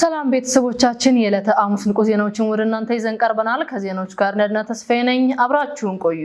ሰላም ቤተሰቦቻችን፣ የዕለተ ሐሙስ ንቁ ዜናዎችን ወደ እናንተ ይዘን ቀርበናል። ከዜናዎች ጋር ነድና ተስፋዬ ነኝ። አብራችሁን ቆዩ።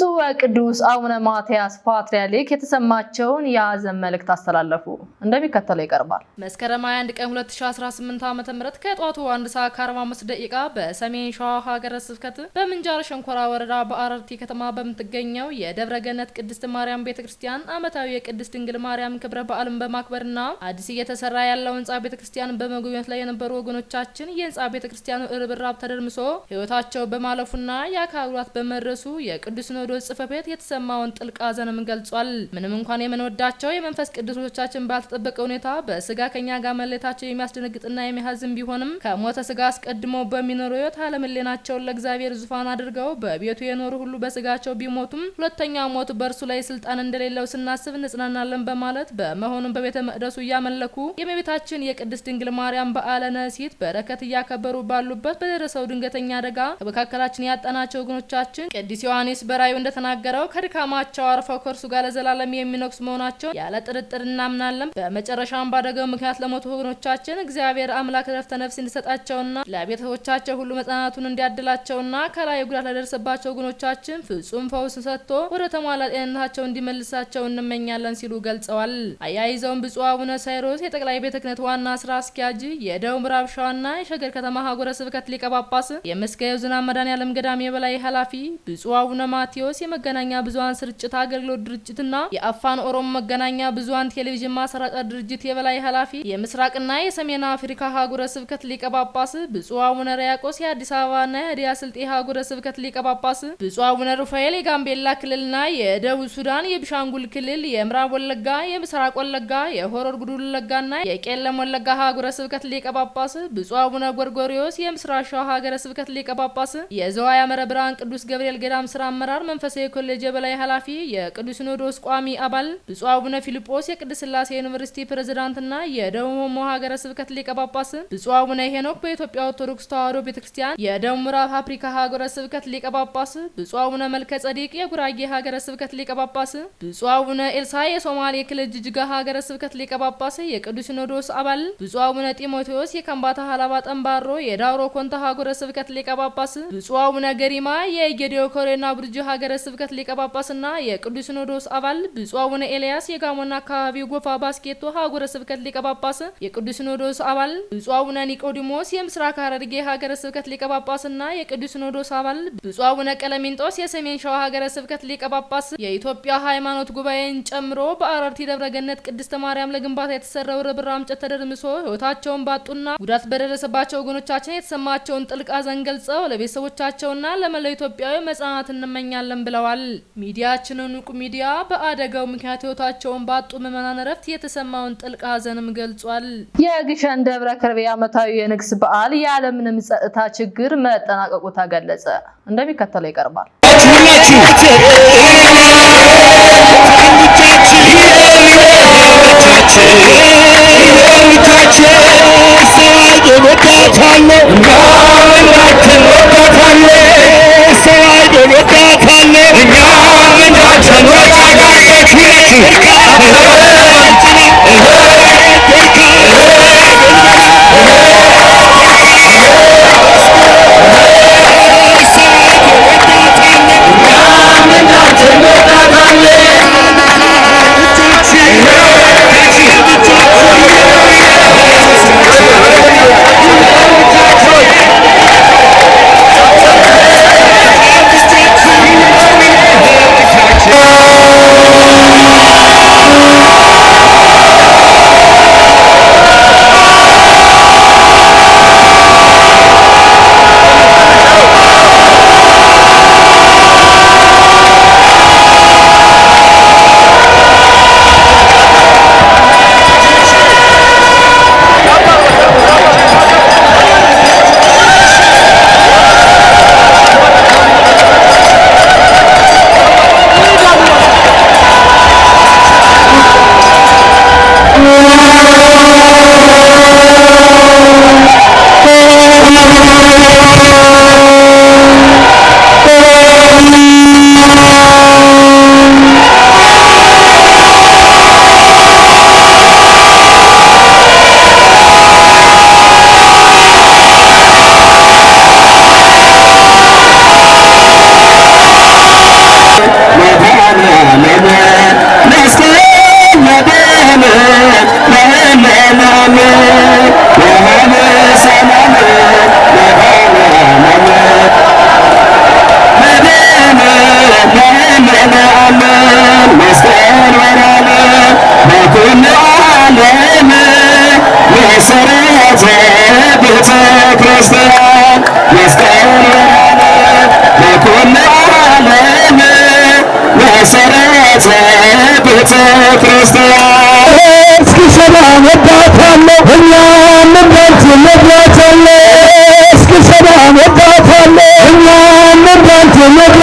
ብፁዕ ወቅዱስ አቡነ ማትያስ ፓትርያርክ የተሰማቸውን የሐዘን መልእክት አስተላለፉ። እንደሚከተለው ይቀርባል። መስከረም 21 ቀን 2018 ም ከጧቱ 1 ሰዓት ከ45 ደቂቃ በሰሜን ሸዋ ሀገረ ስብከት በምንጃር ሸንኮራ ወረዳ በአረርቲ ከተማ በምትገኘው የደብረ ገነት ቅድስት ማርያም ቤተክርስቲያን ዓመታዊ የቅድስት ድንግል ማርያም ክብረ በዓልን በማክበርና አዲስ እየተሰራ ያለው ቤተ ቤተክርስቲያን በመጎብኘት ላይ የነበሩ ወገኖቻችን ቤተ ክርስቲያኑ እርብራብ ተደርምሶ ህይወታቸው በማለፉና የአካላት በመድረሱ የቅዱስ ነው ሲኖዶስ ጽሕፈት ቤት የተሰማውን ጥልቅ ሐዘንም ገልጿል። ምንም እንኳን የምንወዳቸው የመንፈስ ቅዱሶቻችን ባልተጠበቀ ሁኔታ በስጋ ከኛ ጋር መለየታቸው የሚያስደነግጥና የሚያዝን ቢሆንም ከሞተ ስጋ አስቀድሞ በሚኖሩ ሕይወት አለመለየታቸውን ለእግዚአብሔር ዙፋን አድርገው በቤቱ የኖሩ ሁሉ በስጋቸው ቢሞቱም ሁለተኛ ሞት በእርሱ ላይ ስልጣን እንደሌለው ስናስብ እንጽናናለን በማለት በመሆኑም በቤተ መቅደሱ እያመለኩ የእመቤታችን የቅድስት ድንግል ማርያም በዓለ ነሲት በረከት እያከበሩ ባሉበት በደረሰው ድንገተኛ አደጋ ከመካከላችን ያጣናቸው ወገኖቻችን ቅዱስ ዮሐንስ በራእዩ እንደተናገረው ከድካማቸው አርፈው ከእርሱ ጋር ለዘላለም የሚነግሱ መሆናቸውን ያለ ጥርጥር እናምናለን። በመጨረሻም ባደገው ምክንያት ለሞቱ ወገኖቻችን እግዚአብሔር አምላክ ረፍተ ነፍስ እንዲሰጣቸውና ለቤተሰቦቻቸው ሁሉ መጽናናቱን እንዲያድላቸውና ከላይ ጉዳት ለደረሰባቸው ወገኖቻችን ፍጹም ፈውስ ሰጥቶ ወደ ተሟላ ጤንነታቸው እንዲመልሳቸው እንመኛለን ሲሉ ገልጸዋል። አያይዘውም ብፁዕ አቡነ ሳይሮስ የጠቅላይ ቤተ ክህነት ዋና ስራ አስኪያጅ፣ የደቡብ ምዕራብ ሸዋና የሸገር ከተማ ሀገረ ስብከት ሊቀ ጳጳስ፣ የመስገየው ዝናብ መድኃኔዓለም ገዳም የበላይ ኃላፊ፣ ብፁዕ አቡነ ማቴዎስ የኢትዮስ የመገናኛ ብዙሀን ስርጭት አገልግሎት ድርጅትና የአፋን ኦሮሞ መገናኛ ብዙሀን ቴሌቪዥን ማሰራጫ ድርጅት የበላይ ኃላፊ የምስራቅና የሰሜን አፍሪካ ሀጉረ ስብከት ሊቀ ጳጳስ ብፁዕ አቡነ ሪያቆስ የአዲስ አበባና የሀዲያ ስልጤ ሀጉረ ስብከት ሊቀ ጳጳስ ብፁዕ አቡነ ሩፋኤል የጋምቤላ ክልልና የደቡብ ሱዳን፣ የቢሻንጉል ክልል፣ የምዕራብ ወለጋ፣ የምስራቅ ወለጋ፣ የሆረር ጉዱል ወለጋና የቄለም ወለጋ ሀጉረ ስብከት ሊቀ ጳጳስ ብፁዕ አቡነ ጎርጎሪዮስ የምስራቅ ሸዋ ሀገረ ስብከት ሊቀ ጳጳስ የዘዋ ያመረ ብርሃን ቅዱስ ገብርኤል ገዳም ስራ አመራር መንፈሳዊ ኮሌጅ የበላይ ኃላፊ፣ የቅዱስ ሲኖዶስ ቋሚ አባል ብፁዕ አቡነ ፊልጶስ የቅድስት ስላሴ ዩኒቨርሲቲ ፕሬዝዳንትና የደቡብ ኦሞ ሀገረ ስብከት ሊቀ ጳጳስ፣ ብፁዕ አቡነ ሄኖክ በኢትዮጵያ ኦርቶዶክስ ተዋሕዶ ቤተ ክርስቲያን የደቡብ ምዕራብ አፍሪካ ሀገረ ስብከት ሊቀ ጳጳስ፣ ብፁዕ አቡነ መልከ ጸዲቅ የጉራጌ ሀገረ ስብከት ሊቀ ጳጳስ፣ ብፁዕ አቡነ ኤልሳ የሶማሌ ክልል ጅጅጋ ሀገረ ስብከት ሊቀ ጳጳስ የቅዱስ ሲኖዶስ አባል፣ ብፁዕ አቡነ ጢሞቴዎስ የከምባታ ሀላባ ጠንባሮ የዳውሮ ኮንታ ሀገረ ስብከት ሊቀ ጳጳስ፣ ብፁዕ አቡነ ገሪማ የጌዲዮ ኮሬና ብርጅ ሀገረ የሀገረ ስብከት ሊቀ ጳጳስና የቅዱስ ሲኖዶስ አባል ብፁዕ አቡነ ኤልያስ የጋሞና አካባቢው ጎፋ ባስኬቶ ሀገረ ስብከት ሊቀ ጳጳስ፣ የቅዱስ ሲኖዶስ አባል ብፁዕ አቡነ ኒቆዲሞስ የምስራቅ ሐረርጌ ሀገረ ስብከት ሊቀ ጳጳስና የቅዱስ ሲኖዶስ አባል ብፁዕ አቡነ ቀለሚንጦስ የሰሜን ሸዋ ሀገረ ስብከት ሊቀ ጳጳስ፣ የኢትዮጵያ ሃይማኖት ጉባኤን ጨምሮ በአረርቲ ደብረገነት ቅድስተ ማርያም ለግንባታ የተሰራው ርብራ እንጨት ተደርምሶ ህይወታቸውን ባጡና ጉዳት በደረሰባቸው ወገኖቻችን የተሰማቸውን ጥልቅ ሐዘን ገልጸው ለቤተሰቦቻቸውና ለመላው ኢትዮጵያዊ መጽናናት እንመኛለን። እናደርጋለን ብለዋል። ሚዲያችንን ንቁ ሚዲያ በአደጋው ምክንያት ህይወታቸውን ባጡ ምዕመናን እረፍት የተሰማውን ጥልቅ ሀዘንም ገልጿል። የግሸን ደብረ ከርቤ ዓመታዊ የንግስ በዓል ያለምንም ጸጥታ ችግር መጠናቀቁ ተገለጸ። እንደሚከተለው ይቀርባል። Thank you. ታታለ እስኪ ሰባ መጣታለ እኛ ምርዳንት ምርዳ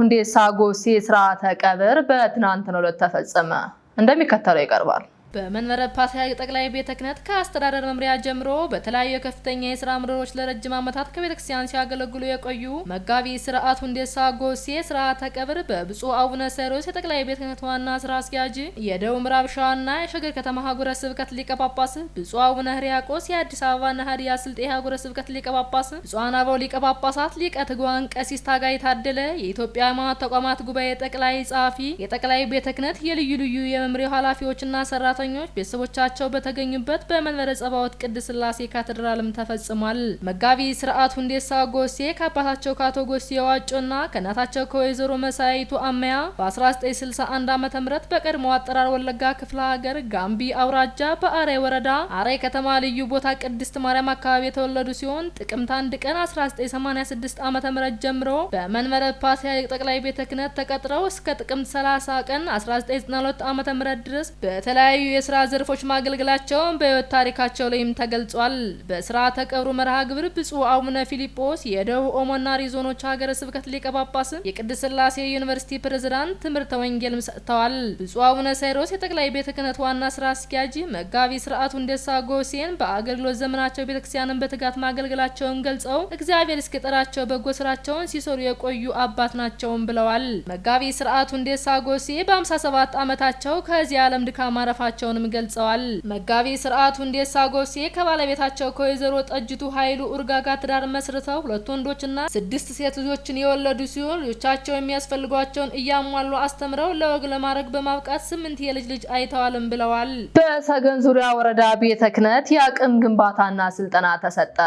ሁንዴሳ ጎሴ ስርዓተ ቀብር በትናንትናው ዕለት ተፈጸመ። እንደሚከተለው ይቀርባል። በመንበረ ፓትርያርክ ጠቅላይ ቤተ ክህነት ከአስተዳደር መምሪያ ጀምሮ በተለያዩ ከፍተኛ የስራ ምድሮች ለረጅም ዓመታት ከቤተ ክርስቲያን ሲያገለግሉ የቆዩ መጋቢ ስርዓቱ ሁንዴሳ ጎሴ ስርዓተ ቀብር በብፁዕ አቡነ ሳይሮስ የጠቅላይ ቤተ ክህነት ዋና ስራ አስኪያጅ፣ የደቡብ ምዕራብ ሸዋና የሸገር ከተማ ሀገረ ስብከት ሊቀ ጳጳስ፣ ብፁዕ አቡነ ህርያቆስ የአዲስ አበባ ሀዲያ ስልጤ ሀገረ ስብከት ሊቀ ጳጳስ፣ ብፁዓን አበው ሊቀ ጳጳሳት፣ ሊቀ ትጉሃን ቀሲስ ታጋይ ታደለ፣ የኢትዮጵያ ሃይማኖት ተቋማት ጉባኤ ጠቅላይ ጸሐፊ፣ የጠቅላይ ቤተ ክህነት የልዩ ልዩ የመምሪያው ኃላፊዎችና ሰራ ሰራተኞች ቤተሰቦቻቸው በተገኙበት በመንበረ ጸባዖት ቅድስት ስላሴ ካቴድራልም ተፈጽሟል። መጋቢ ስርዓት ሁንዴሳ ጎሴ ከአባታቸው ከአቶ ጎሴ የዋጮና ከእናታቸው ከወይዘሮ መሳያይቱ አመያ በ1961 ዓ ም በቀድሞ አጠራር ወለጋ ክፍለ ሀገር ጋምቢ አውራጃ በአሬ ወረዳ አሬ ከተማ ልዩ ቦታ ቅድስት ማርያም አካባቢ የተወለዱ ሲሆን ጥቅምት አንድ ቀን 1986 ዓ ም ጀምሮ በመንበረ ፓትርያርክ ጠቅላይ ቤተ ክህነት ተቀጥረው እስከ ጥቅምት 30 ቀን 1992 ዓ ም ድረስ በተለያዩ የስራ ዘርፎች ማገልገላቸውን በህይወት ታሪካቸው ላይም ተገልጿል። በስርዓተ ቀብሩ መርሃ ግብር ብፁዕ አቡነ ፊሊጶስ የደቡብ ኦሞና ሪዞኖች ሀገረ ስብከት ሊቀ ጳጳስ፣ የቅድስት ስላሴ ዩኒቨርሲቲ ፕሬዝዳንት ትምህርተ ወንጌልም ሰጥተዋል። ብፁዕ አቡነ ሳይሮስ የጠቅላይ ቤተ ክህነት ዋና ስራ አስኪያጅ፣ መጋቢ ስርዓቱ እንደሳ ጎሴን በአገልግሎት ዘመናቸው ቤተክርስቲያንን በትጋት ማገልገላቸውን ገልጸው እግዚአብሔር እስኪጠራቸው በጎ ስራቸውን ሲሰሩ የቆዩ አባት ናቸውም ብለዋል። መጋቢ ስርዓቱ እንደሳ ጎሴ በ57 ዓመታቸው ከዚህ ዓለም ድካም ማረፋቸው መሆናቸውንም ገልጸዋል። መጋቢ ስርዓቱ ሁንዴሳ ጎሴ ከባለቤታቸው ከወይዘሮ ጠጅቱ ኃይሉ ኡርጋ ጋር ትዳር መስርተው ሁለት ወንዶችና ስድስት ሴት ልጆችን የወለዱ ሲሆን ልጆቻቸው የሚያስፈልጓቸውን እያሟሉ አስተምረው ለወግ ለማድረግ በማብቃት ስምንት የልጅ ልጅ አይተዋልም ብለዋል። በሰገን ዙሪያ ወረዳ ቤተ ክህነት የአቅም ግንባታና ስልጠና ተሰጠ።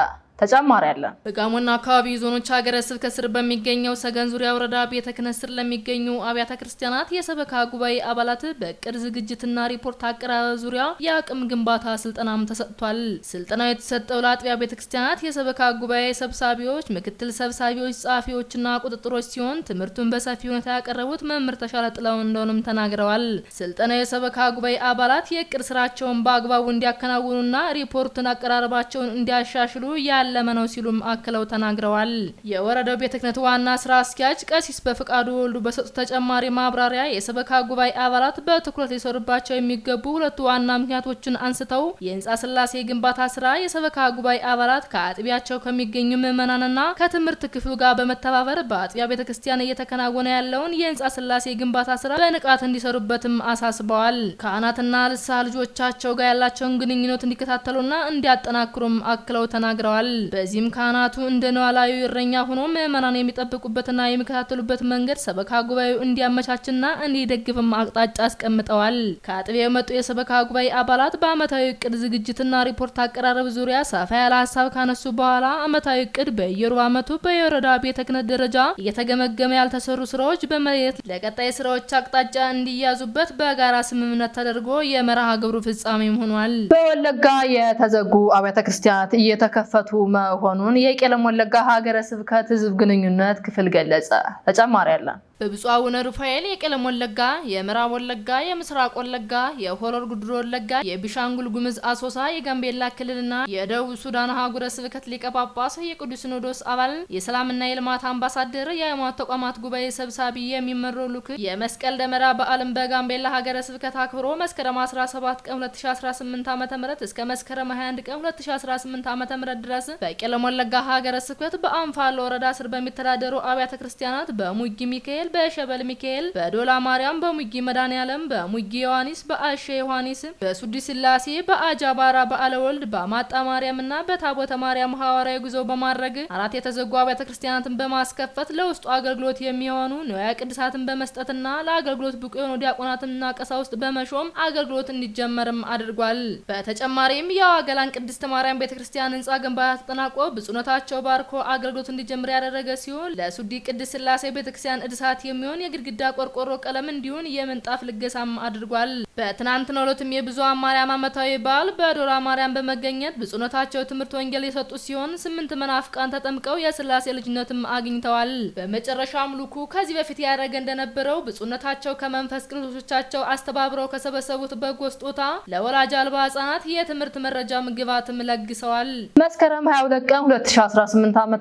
ተጨማሪ አለ። በጋሞና አካባቢ ዞኖች ሀገረ ስብከት ስር በሚገኘው ሰገን ዙሪያ ወረዳ ቤተ ክህነት ስር ለሚገኙ አብያተ ክርስቲያናት የሰበካ ጉባኤ አባላት በእቅድ ዝግጅትና ሪፖርት አቀራረብ ዙሪያ የአቅም ግንባታ ስልጠናም ተሰጥቷል። ስልጠናው የተሰጠው ለአጥቢያ ቤተ ክርስቲያናት የሰበካ ጉባኤ ሰብሳቢዎች፣ ምክትል ሰብሳቢዎች፣ ጸሐፊዎችና ቁጥጥሮች ሲሆን ትምህርቱን በሰፊ ሁኔታ ያቀረቡት መምህር ተሻለ ጥለው እንደሆኑም ተናግረዋል። ስልጠናው የሰበካ ጉባኤ አባላት የእቅድ ስራቸውን በአግባቡ እንዲያከናውኑና ሪፖርትን አቀራረባቸውን እንዲያሻሽሉ ያለ ያለመ ነው ሲሉም አክለው ተናግረዋል። የወረዳው ቤተ ክህነት ዋና ስራ አስኪያጅ ቀሲስ በፍቃዱ ወልዱ በሰጡት ተጨማሪ ማብራሪያ የሰበካ ጉባኤ አባላት በትኩረት ሊሰሩባቸው የሚገቡ ሁለቱ ዋና ምክንያቶችን አንስተው የህንጻ ስላሴ ግንባታ ስራ የሰበካ ጉባኤ አባላት ከአጥቢያቸው ከሚገኙ ምዕመናንና ከትምህርት ክፍሉ ጋር በመተባበር በአጥቢያ ቤተ ክርስቲያን እየተከናወነ ያለውን የህንጻ ስላሴ ግንባታ ስራ በንቃት እንዲሰሩበትም አሳስበዋል። ካህናትና ልሳ ልጆቻቸው ጋር ያላቸውን ግንኙነት እንዲከታተሉና እንዲያጠናክሩም አክለው ተናግረዋል። በዚህም ካህናቱ እንደ ነዋላዊ እረኛ ሆኖ ምእመናን የሚጠብቁበትና የሚከታተሉበት መንገድ ሰበካ ጉባኤው እንዲያመቻችና እንዲደግፍም አቅጣጫ አስቀምጠዋል። ከአጥቢያ የመጡ የሰበካ ጉባኤ አባላት በአመታዊ እቅድ ዝግጅትና ሪፖርት አቀራረብ ዙሪያ ሰፋ ያለ ሀሳብ ካነሱ በኋላ አመታዊ እቅድ በየሩብ አመቱ በየወረዳ ቤተ ክህነት ደረጃ እየተገመገመ ያልተሰሩ ስራዎች በመለየት ለቀጣይ ስራዎች አቅጣጫ እንዲያዙበት በጋራ ስምምነት ተደርጎ የመርሃ ግብሩ ፍጻሜም ሆኗል። በወለጋ የተዘጉ አብያተ ክርስቲያናት እየተከፈቱ መሆኑን የቄለም ወለጋ ሀገረ ስብከት ህዝብ ግንኙነት ክፍል ገለጸ። ተጨማሪ ያለን በብፁዕ አቡነ ሩፋኤል የቄለም ወለጋ፣ የምዕራብ ወለጋ፣ የምስራቅ ወለጋ፣ የሆረር ጉድሮ ወለጋ፣ የቢሻንጉል ጉምዝ አሶሳ፣ የጋምቤላ ክልልና የደቡብ ሱዳን ሀገረ ስብከት ሊቀ ጳጳስ፣ የቅዱስ ሲኖዶስ አባል፣ የሰላምና የልማት አምባሳደር፣ የሃይማኖት ተቋማት ጉባኤ ሰብሳቢ የሚመራው ልዑክ የመስቀል ደመራ በዓልን በጋምቤላ ሀገረ ስብከት አክብሮ መስከረም 17 ቀን 2018 ዓ.ም እስከ መስከረም 21 ቀን 2018 ም ድረስ በቄለሞለጋ ሀገረ ስብከት በአንፋሎ ወረዳ ስር በሚተዳደሩ አብያተ ክርስቲያናት በሙጊ ሚካኤል፣ በሸበል ሚካኤል፣ በዶላ ማርያም፣ በሙጊ መድኃኔዓለም፣ በሙጊ ዮሐንስ፣ በአሸ ዮሐንስ፣ በሱዲ ስላሴ፣ በአጃባራ በዓለ ወልድ፣ በማጣ ማርያምና በታቦተ ማርያም ሐዋርያዊ ጉዞ በማድረግ አራት የተዘጉ አብያተ ክርስቲያናትን በማስከፈት ለውስጡ አገልግሎት የሚሆኑ ንዋያ ቅድሳትን በመስጠትና ለአገልግሎት ብቁ የሆኑ ዲያቆናትና ቀሳውስት በመሾም አገልግሎት እንዲጀመርም አድርጓል። በተጨማሪም የዋገላን ቅድስት ማርያም ቤተክርስቲያን ህንጻ ግንባታ አጠናቆ ብፁዕነታቸው ባርኮ አገልግሎት እንዲጀምር ያደረገ ሲሆን ለሱዲ ቅድስት ስላሴ ቤተክርስቲያን እድሳት የሚሆን የግድግዳ ቆርቆሮ ቀለም እንዲሁን የምንጣፍ ልገሳም አድርጓል። በትናንትናው ዕለትም የብዙኃን ማርያም ዓመታዊ በዓል በዶራ ማርያም በመገኘት ብፁዕነታቸው ትምህርት ወንጌል የሰጡ ሲሆን ስምንት መናፍቃን ተጠምቀው የስላሴ ልጅነትም አግኝተዋል። በመጨረሻ ልኩ ከዚህ በፊት ያደረገ እንደነበረው ብፁዕነታቸው ከመንፈስ ቅዱሶቻቸው አስተባብረው ከሰበሰቡት በጎ ስጦታ ለወላጅ አልባ ህጻናት የትምህርት መረጃ ምግባትም ለግሰዋል። መስከረም 22 ቀን 2018 ዓ.ም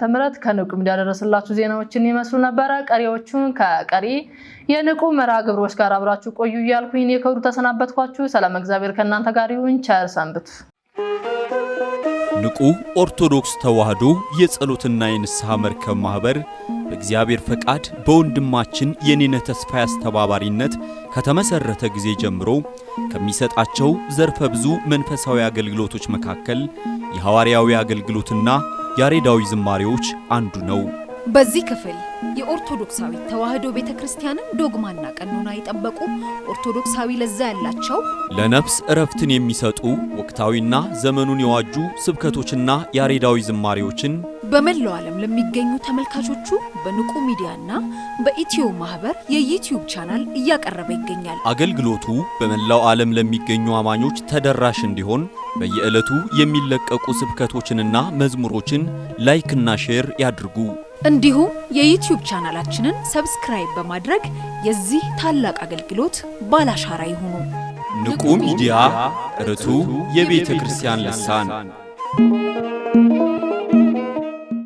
ከንቁ ሚዲያ ደረስላችሁ ዜናዎችን ይመስሉ ነበረ። ቀሪዎቹን ከቀሪ የንቁ መርሃ ግብሮች ጋር አብራችሁ ቆዩ እያልኩኝ እኔ ከወዲሁ ተሰናበትኳችሁ። ሰላም እግዚአብሔር ከእናንተ ጋር ይሁን። ቸር ሰንብቱ። ንቁ ኦርቶዶክስ ተዋህዶ የጸሎትና የንስሐ መርከብ ማኅበር በእግዚአብሔር ፈቃድ በወንድማችን የኔነ ተስፋ አስተባባሪነት ከተመሠረተ ጊዜ ጀምሮ ከሚሰጣቸው ዘርፈ ብዙ መንፈሳዊ አገልግሎቶች መካከል የሐዋርያዊ አገልግሎትና ያሬዳዊ ዝማሬዎች አንዱ ነው። በዚህ ክፍል የኦርቶዶክሳዊ ተዋህዶ ቤተ ክርስቲያንን ዶግማና ቀኖና የጠበቁ ኦርቶዶክሳዊ ለዛ ያላቸው ለነፍስ እረፍትን የሚሰጡ ወቅታዊና ዘመኑን የዋጁ ስብከቶችና ያሬዳዊ ዝማሬዎችን በመላው ዓለም ለሚገኙ ተመልካቾቹ በንቁ ሚዲያና በኢትዮ ማህበር የዩትዩብ ቻናል እያቀረበ ይገኛል። አገልግሎቱ በመላው ዓለም ለሚገኙ አማኞች ተደራሽ እንዲሆን በየዕለቱ የሚለቀቁ ስብከቶችንና መዝሙሮችን ላይክና ሼር ያድርጉ። እንዲሁም የዩትዩብ ቻናላችንን ሰብስክራይብ በማድረግ የዚህ ታላቅ አገልግሎት ባላሻራ ይሁኑ። ንቁ ሚዲያ ርቱ የቤተ ክርስቲያን ልሳን